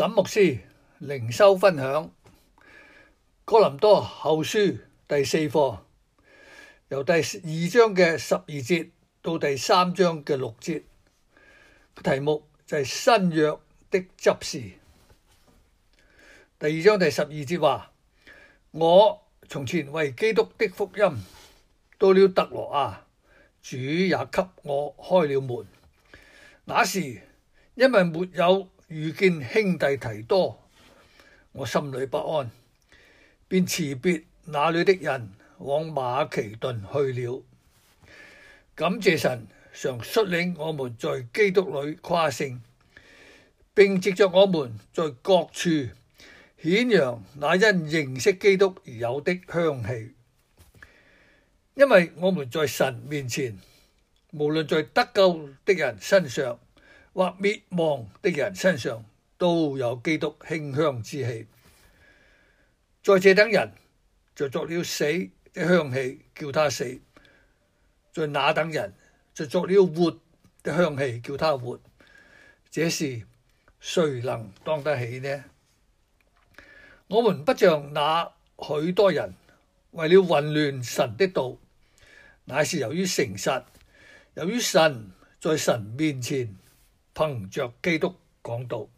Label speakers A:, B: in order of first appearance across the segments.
A: 沈牧師靈修分享哥林多後書第四課，由第二章嘅十二節到第三章嘅六節，題目就係、是、新約的執事。第二章第十二節話：我從前為基督的福音到了特羅亞，主也給我開了門。那時因為沒有。遇見兄弟提多，我心裏不安，便辭別那裏的人往馬其頓去了。感謝神常率領我們在基督裏誇勝，並藉著我們在各處顯揚那因認識基督而有的香氣，因為我們在神面前，無論在得救的人身上。或滅亡的人身上都有基督馨香之氣，在這等人就作了死的香氣，叫他死；在那等人就作了活的香氣，叫他活。這事誰能當得起呢？我們不像那許多人為了混亂神的道，乃是由於誠實，由於神在神面前。憑着基督講道，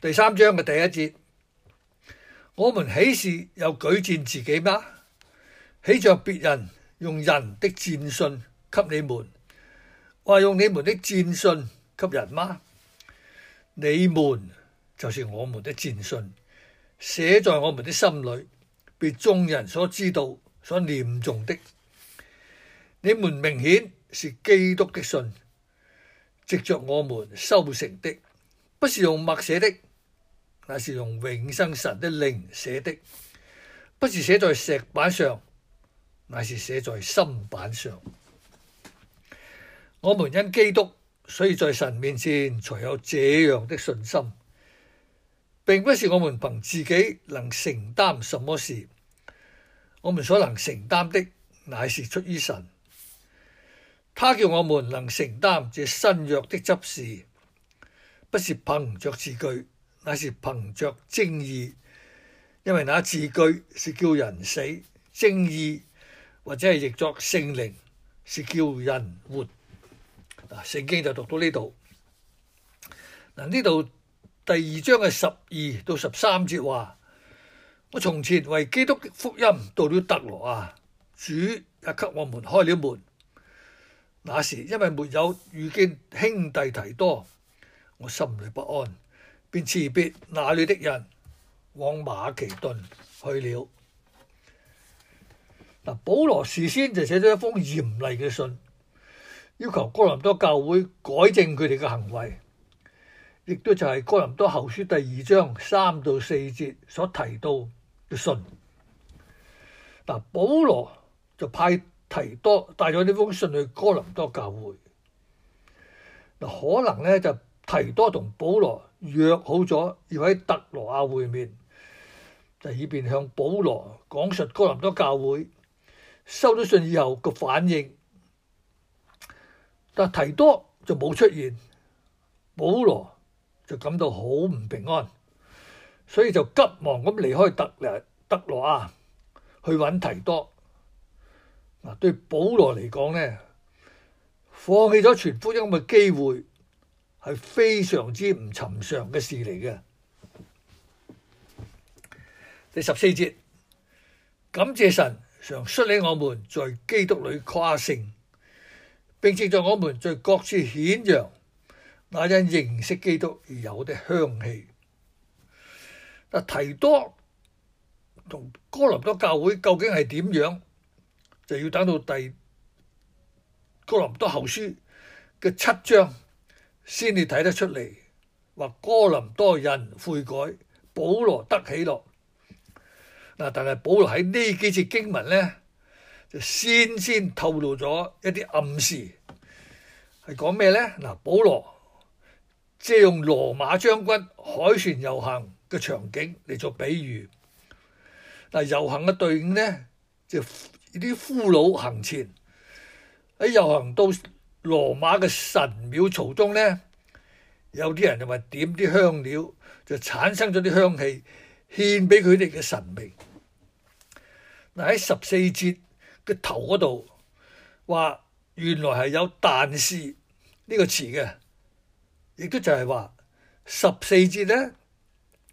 A: 第三章嘅第一節，我們豈是又舉薦自己嗎？起着別人用人的薦信給你們，話用你們的薦信給人嗎？你們就是我們的薦信，寫在我們的心裏，被眾人所知道、所念誦的。你們明顯是基督的信，藉着我們修成的，不是用墨寫的，乃是用永生神的靈寫的；不是寫在石板上，乃是寫在心板上。我們因基督，所以在神面前才有這樣的信心。並不是我們憑自己能承擔什麼事，我們所能承擔的，乃是出於神。他叫我們能承擔這新約的執事，不是憑着字句，乃是憑着正義，因為那字句是叫人死，正義或者係譯作聖靈是叫人活。啊，聖經就讀到呢度嗱，呢度第二章嘅十二到十三節話：我從前為基督的福音到了特羅亞，主也給我們開了門。那時因為沒有遇見兄弟提多，我心裏不安，便辭別那裏的人，往馬其頓去了。嗱，保羅事先就寫咗一封嚴厲嘅信，要求哥林多教會改正佢哋嘅行為，亦都就係哥林多後書第二章三到四節所提到嘅信。嗱，保羅就派。提多帶咗呢封信去哥林多教會，嗱，可能咧就提多同保羅約好咗要喺特羅亞會面，就以便向保羅講述哥林多教會收咗信以後個反應，但提多就冇出現，保羅就感到好唔平安，所以就急忙咁離開特特羅亞去搵提多。嗱，對保羅嚟講呢，放棄咗傳福音嘅機會，係非常之唔尋常嘅事嚟嘅。第十四節，感謝神常率領我們在基督裏誇勝，並藉著我們在各處顯揚那因認識基督而有的香氣。提多同哥林多教會究竟係點樣？就要等到第哥林多後書嘅七章先至睇得出嚟，話哥林多人悔改，保羅得喜樂。嗱。但係保羅喺呢幾節經文咧，就先先透露咗一啲暗示係講咩咧？嗱，保羅借用羅馬將軍凱旋遊行嘅場景嚟做比喻。嗱，遊行嘅隊伍咧就。啲俘虜行前喺，遊行到羅馬嘅神廟途中咧，有啲人就話點啲香料就產生咗啲香氣獻俾佢哋嘅神明。嗱，喺十四節嘅頭嗰度話，原來係有但是呢個詞嘅，亦都就係話十四節咧，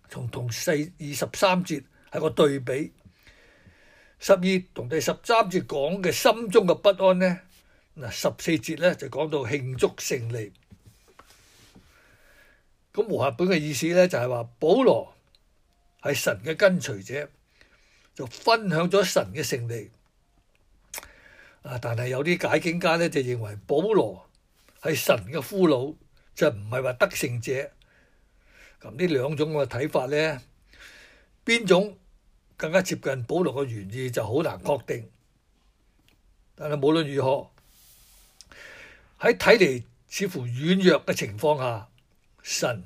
A: 從同四二十三節係個對比。十二同第十三節講嘅心中嘅不安呢，嗱十四節咧就講到慶祝勝利。咁和合本嘅意思咧就係話，保羅係神嘅跟隨者，就分享咗神嘅勝利。啊，但係有啲解經家咧就認為保羅係神嘅俘虜，就唔係話得勝者。咁呢兩種嘅睇法咧，邊種？更加接近保羅嘅原意就好難確定，但係無論如何，喺睇嚟似乎軟弱嘅情況下，神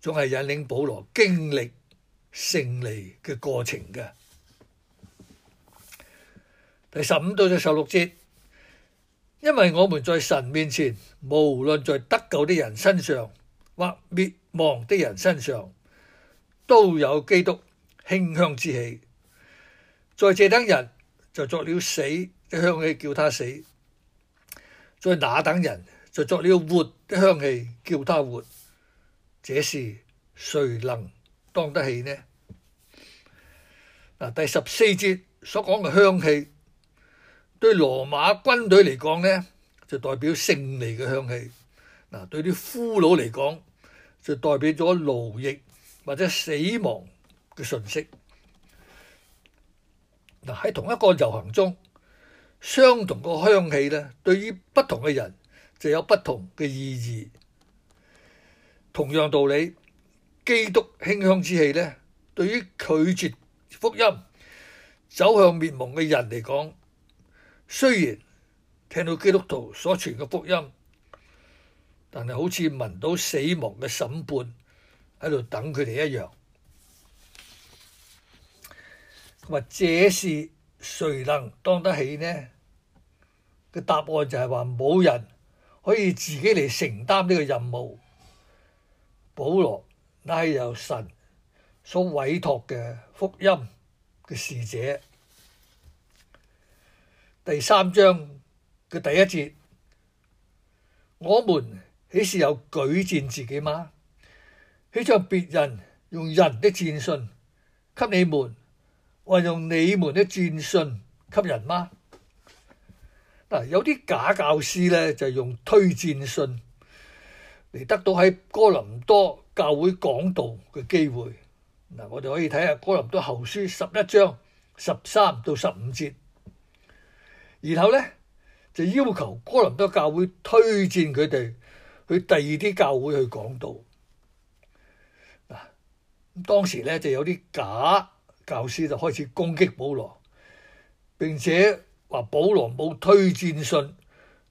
A: 總係引領保羅經歷勝利嘅過程嘅。第十五到咗十六節，因為我們在神面前，無論在得救的人身上或滅亡的人身上，都有基督馨香之氣，在這等人就作了死的香氣，叫他死；在那等人就作了活的香氣，叫他活。這是誰能當得起呢？嗱，第十四節所講嘅香氣，對羅馬軍隊嚟講呢，就代表勝利嘅香氣；嗱，對啲俘虜嚟講，就代表咗奴役或者死亡。嘅信息。嗱，喺同一個遊行中，相同嘅香氣咧，對於不同嘅人就有不同嘅意義。同樣道理，基督馨香之氣咧，對於拒絕福音、走向滅亡嘅人嚟講，雖然聽到基督徒所傳嘅福音，但係好似聞到死亡嘅審判喺度等佢哋一樣。話這事誰能當得起呢？嘅答案就係話冇人可以自己嚟承擔呢個任務。保羅乃係由神所委託嘅福音嘅使者，第三章嘅第一節，我們豈是有舉薦自己嗎？豈著別人用人的薦信給你們。運用你們啲薦信給人嗎？嗱、啊，有啲假教師咧就用推薦信嚟，得到喺哥林多教會講道嘅機會。嗱、啊，我哋可以睇下哥林多後書十一章十三到十五節，然後咧就要求哥林多教會推薦佢哋去第二啲教會去講道。嗱、啊，咁當時咧就有啲假。教師就開始攻擊保羅，並且話保羅冇推薦信，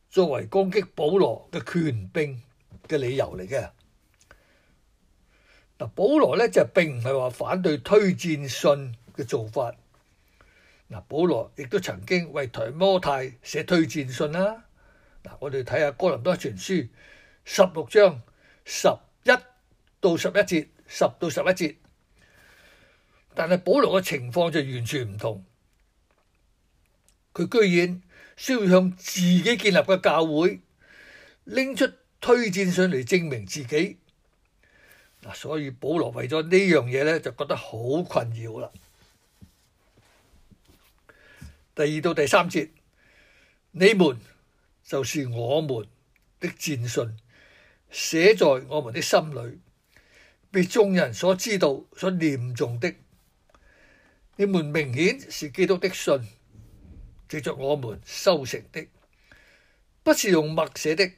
A: 作為攻擊保羅嘅權柄嘅理由嚟嘅。嗱，保羅咧就並唔係話反對推薦信嘅做法。嗱，保羅亦都曾經為提摩太寫推薦信啦。嗱，我哋睇下哥林多前書十六章十一到十一節，十到十一節。但係保羅嘅情況就完全唔同，佢居然需要向自己建立嘅教會拎出推薦信嚟證明自己。嗱，所以保羅為咗呢樣嘢咧就覺得好困擾啦。第二到第三節，你們就是我們的薦信，寫在我們的心裏，被眾人所知道、所念誦的。你們明顯是基督的信藉着我們修成的，不是用墨寫的，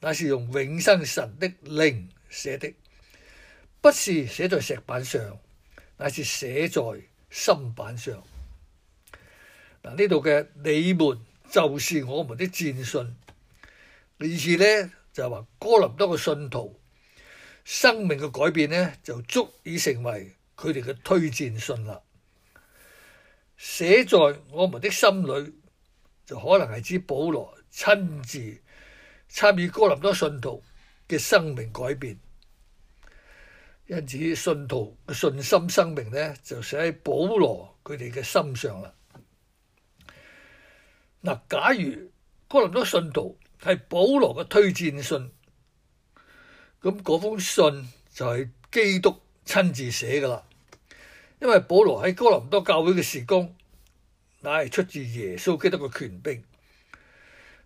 A: 乃是用永生神的靈寫的；不是寫在石板上，乃是寫在心板上。嗱，呢度嘅你們就是我們的薦信。意思呢，就係、是、話哥林多嘅信徒生命嘅改變呢，就足以成為佢哋嘅推薦信啦。寫在我們的心裏，就可能係指保羅親自參與哥林多信徒嘅生命改變，因此信徒嘅信心生命咧就寫喺保羅佢哋嘅心上啦。嗱、啊，假如哥林多信徒係保羅嘅推薦信，咁嗰封信就係基督親自寫噶啦。因為保羅喺哥林多教會嘅時光，乃係出自耶穌基督嘅權柄。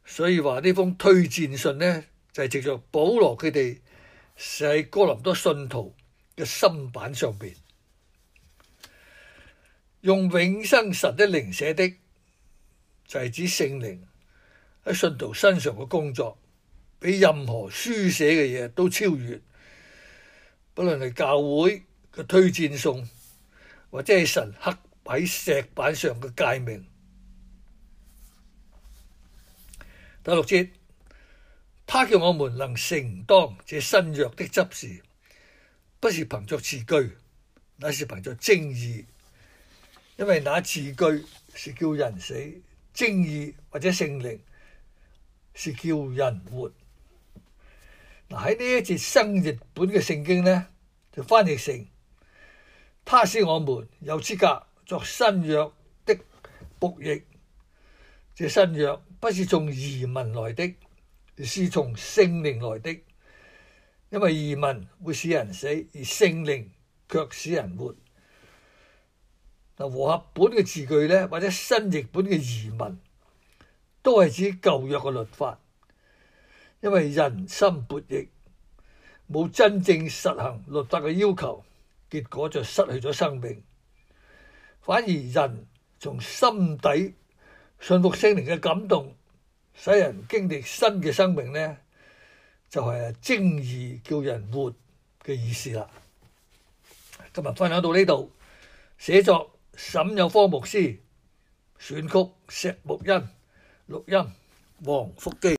A: 所以話呢封推薦信呢，就係藉着保羅佢哋寫喺哥林多信徒嘅心板上邊，用永生神的靈寫的，就係指聖靈喺信徒身上嘅工作，比任何書寫嘅嘢都超越，不論係教會嘅推薦信。或者係神刻喺石板上嘅誡命。第六節，他叫我們能承當這新約的執事，不是憑着字句，乃是憑着精意。因為那字句是叫人死，精意或者聖靈是叫人活。嗱，喺呢一節新譯本嘅聖經呢，就翻譯成。他使我們有資格作新約的僕役，這新約不是從儀文來的，而是從聖靈來的。因為儀文會使人死，而聖靈却使人活。嗱，和合本嘅字句咧，或者新譯本嘅儀文，都係指舊約嘅律法，因為人心悖逆，冇真正實行律法嘅要求。結果就失去咗生命，反而人從心底信服聖靈嘅感動，使人經歷新嘅生命咧，就係精意叫人活嘅意思啦。今日分享到呢度，寫作沈有科牧師，選曲石木恩，錄音黃福基。